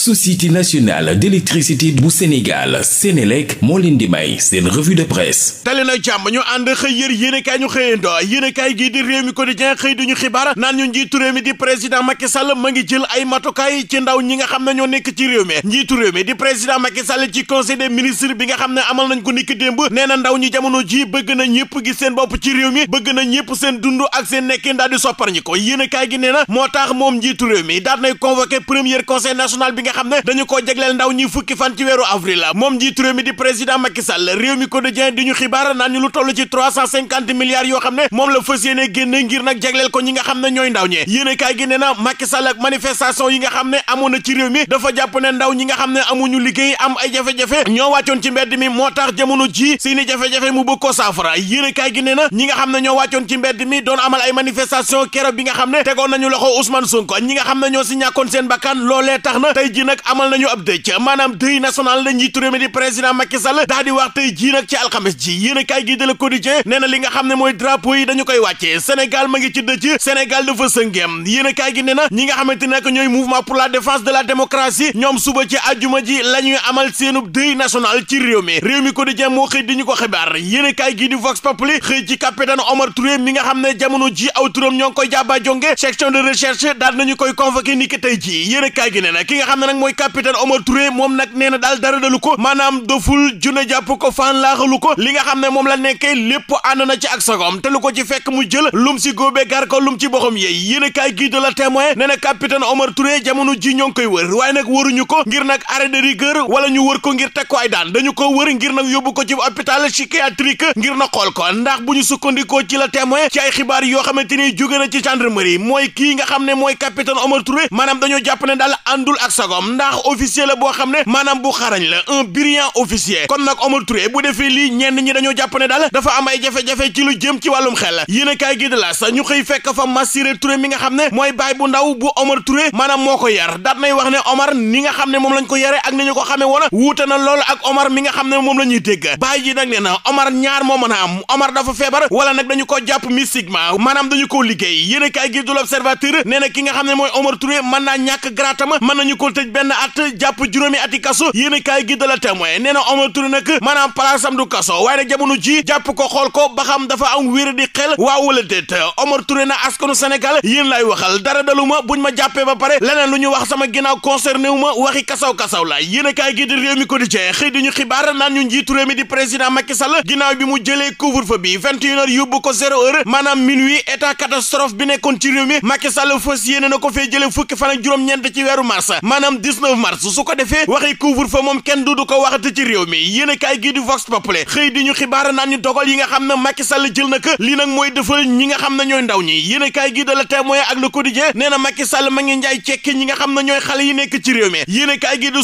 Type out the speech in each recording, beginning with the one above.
société nationale d'électricité bu Sénégal Sénélec moo leen di may seen revue de presse tali na jàmm ñu ànd xëy yër yéenekaay ñu xëyandoo yéenekaay gii di réew mi quotidien xëy duñu xibaar naan ñu njiitu réew mi di président Macky Sall ma ngi jël ay matukaay ci ndaw ñi nga xam ne ñoo nekk ci réew mi njiitu réew mi di président Macky Sall ci conseil des ministres bi nga xam ne amal nañ ko niki démb nee na ndaw ñi jamono ji bëgg na ñëpp gis seen bopp ci réew na ñëpp seen dund ak seen nekkin daal di ko yéenekaay gi nee moo tax moom njiitu réew mi daal nay nga xam ne dañu koo jagleel ndaw ñi fukki fan ci weeru avril moom njiitu réew mi di président Macky réew mi quotidien di ñu xibaar naan lu toll ci trois yoo xam ne moom la fas yéene génne ngir nag jagleel ko ñi nga xam ne ñooy ndaw ñee yéene kaay gi nee na Macky Sall ak manifestation yi nga xam ne amoon na ci réew mi dafa jàpp ne ndaw ñi nga xam ne amuñu liggéey am ay jafe-jafe ñoo wàccoon ci mbedd mi moo tax jamono ji seeni jafe-jafe mu bëgg ko saafara yéene na ñi nga xam nga xam ne tegoon nañu loxo ji nag amal nañu ab dëj maanaam deuil national la njiitu di président Macky Sall daa di nag ci alxames ji yéen a gi de na li nga ne mooy drapeau yi dañu koy wàccee ci dëj Sénégal dafa sëngeem yéen gi nee na ñi nga xamante ne ñooy mouvement pour la défense de la démocratie ñoom suba ci àjjuma ji la amal seenub deuil national ci réew mi réew mi Quotidien moo xëy di ko xibaar yéen a kaay gi di Vox Populi xëy ci capitaine Omar Touré mi nga xam ne jamono ji aw turam ñoo koy jàbba nag mooy capitaine Omar Touré moom nag nee na daal dara dalu ko maanaam doful june jàpp ko fan laaxalu ko li nga xam ne moom la nekkee lépp ànd na ci ak sagom te lu ko ci fekk mu jël lum si góobee gar ko lum ci boxam yéey yéen a kaay gii de la témoin nee na capitaine Omar Touré jamono ji ñoo koy wër waaye nag wëruñu ko ngir nag arrêt de rigueur wala ñu wër ko ngir teg ko ay daan dañu ko wër ngir nag yóbbu ko ci hôpital psychiatrique ngir na xool ko ndax bu ñu sukkandikoo ci la témoin ci ay xibaar yoo xamante ni jóge na ci gendarmerie mooy kii nga xam ne mooy capitaine Omar Touré maanaam dañoo jàpp ne daal àndul ak sagom boppam ndax officier la boo xam ne maanaam bu xarañ la un brillant officier kon nag Omar Touré bu defee lii ñi dañoo jàpp ne daal dafa am ay jafe ci lu jëm ci wàllum xel yéen a kaay gi de la sa ñu xëy fekk fa Massiré Touré mi nga xam ne mooy baay bu ndaw bu Omar Touré maanaam moo ko yar daat nay wax ne Omar ni nga xam ne moom lañ ko yare ak ni ñu ko xamee woon wuute na Omar mi moom la ñuy dégg baay ji nag nee na Omar ñaar moo mën a Omar dafa feebar wala nag dañu ko jàpp mystiquement maanaam dañu ko liggéey ki nga xam ne mooy Omar benn at jàpp juróomi ati kaso yéen a kaay gi da la témoin nee na Omar Touré nag maanaam place am du kaso waaye nag jamono ji jàpp ko xool ko ba xam dafa am wéer di xel waaw wala déet Omar Touré na askanu Sénégal yéen lay waxal dara daluma buñ ma jàppee ba pare leneen lu wax sama ginnaaw concerné wu ma waxi kasaw kasaw la yéen a kaay gi di réew mi quotidien xëy di ñu xibaar naan ñu njiitu réew mi di président Macky Sall ginnaaw bi mu jëlee couvre-feu bi 21 heures ko zéro heure maanaam minuit état catastrophe bi nekkoon ci réew fukki fan ak juróom-ñeent ci weeru mars 19 mars su ko defee waxi couvre-feu moom kenn du du ko waxati ci réew mi yéen a kaay gii di Vox Populi xëy di ñu xibaar naan ñu dogal yi nga xam ne Macky Sall jël na ko lii nag mooy defal ñi nga xam na ñooy ndaw ñi yéen a kaay gii da la témoin ak le quotidien nee na Macky Sall ma ngi njaay cekki ñi nga xam ne ñooy xale yi nekk ci réew mi yéen a kaay gii di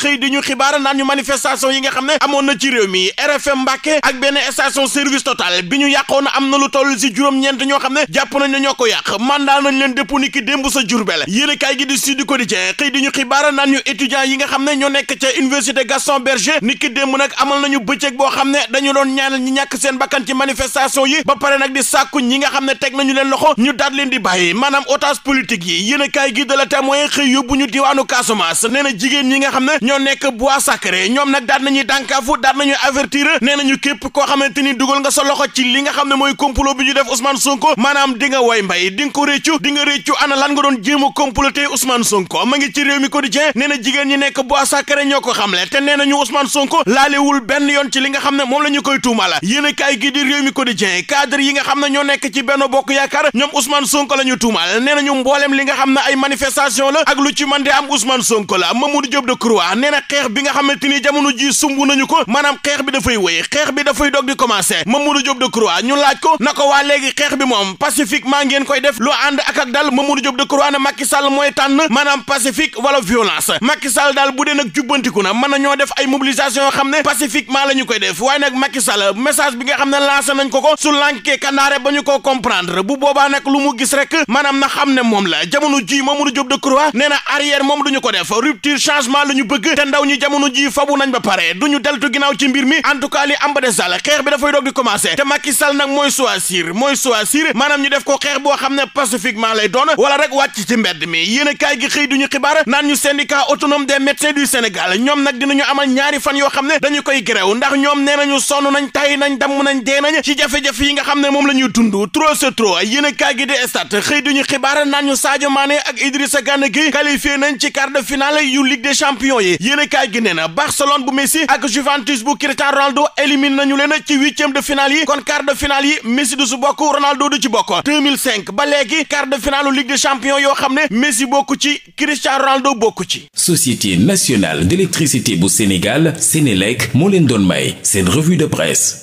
xëy di ñu xibaar naan ñu manifestation yi nga xam ne amoon na ci réew mi RFM Mbacké ak benn station service total bi ñu yàqoon am na lu toll si juróom-ñeent ñoo xam ne jàpp nañ ne ñoo ko yàq mandat nañ leen dépp niki démb sa Jurbel yéen a kaay gii di Sud Quotidien xëy xibaar naan ñu étudiants yi nga xam ne ñoo nekk ca université Gaston Berger niki démb nag amal nañu bëccëg boo xam ne dañu doon ñaanal ñi ñàkk seen bakkan ci manifestation yi ba pare nag di sàkku ñi nga xam ne teg nañu leen loxo ñu daat leen di bàyyi maanaam otage politique yi yéen a kaay gi de la témoin xëy yóbbu ñu diwaanu Casamance nee jigéen ñi nga xam ne ñoo nekk bois sacré ñoom nag daat nañuy dànkaafu daat nañuy avertir nee nañu képp koo xamante ni dugal nga sa loxo ci li nga xam ne mooy complot bi ñu def Ousmane Sonko maanaam di nga way mbay di nga ko lan nga doon jéem a comploter Ousmane Sonko réew mi quotidien nee na jigéen ñi nekk Bois Sacré ñoo ko xamle te nee na ñu Ousmane Sonko laalewul benn yoon ci li nga xam ne moom la ñu koy tuumal a kaay gi di réew mi quotidien cadre yi nga xam ne ñoo nekk ci Benno Bokk Yaakaar ñoom Ousmane Sonko la ñu tuumal nee na ñu mbooleem li nga xam ne ay manifestation la ak lu ci mën di am Ousmane Sonko la Mamadou Diop Decroix nee na xeex bi nga xamante ni jamono ji sumbu nañu ko maanaam xeex bi dafay wéy xeex bi dafay dog di commencé Mamadou Diop Decroix ñu laaj ko na ko waa léegi xeex bi moom pacifique maa ngeen koy def lu ànd ak ak dal Mamadou Diop Decroix ne Macky Sall mooy tànn maanaam pacifique wala violence Macky Sall daal bu dee nag jubbantiku na mën na ñoo def ay mobilisation yoo xam ne pacifiquement la ñu koy def waaye nag Macky Sall bi nga xam ne lancé nañ ko ko su lànkee kandaare ba ñu ko comprendre bu boobaa nag lu mu gis rek maanaam na xam ne moom la jamono ji Mamadou Diop Decroix nee na arrière moom du ñu ko def rupture changement la bëgg te ndaw ñi jamono ji fabu nañ ba pare du ñu deltu ginnaaw ci mbir mi en tout cas li am daan ñu syndicat autonome des médecins du Sénégal ñoom nag dinañu amal ñaari fan yoo xam ne dañu koy gréw ndax ñoom nee nañu sonn nañ tay nañ damm nañ dee nañ ci jafe-jafe yi nga xam ne moom la ñuy dund trop c'est trop yéen a kaay gi di stade xëy duñu xibaar naan ñu ak Idrissa Gana Gueye qualifié nañ ci quart de finale yu Ligue des champions yi yéen a kaay gi bu Messi ak Juventus bu Cristiano Ronaldo élimine nañu leen ci ci bokk de finale Maodo bokk ci. Société nationale d'électricité bu Sénégal Sénélec moo leen doon may seen revue de presse.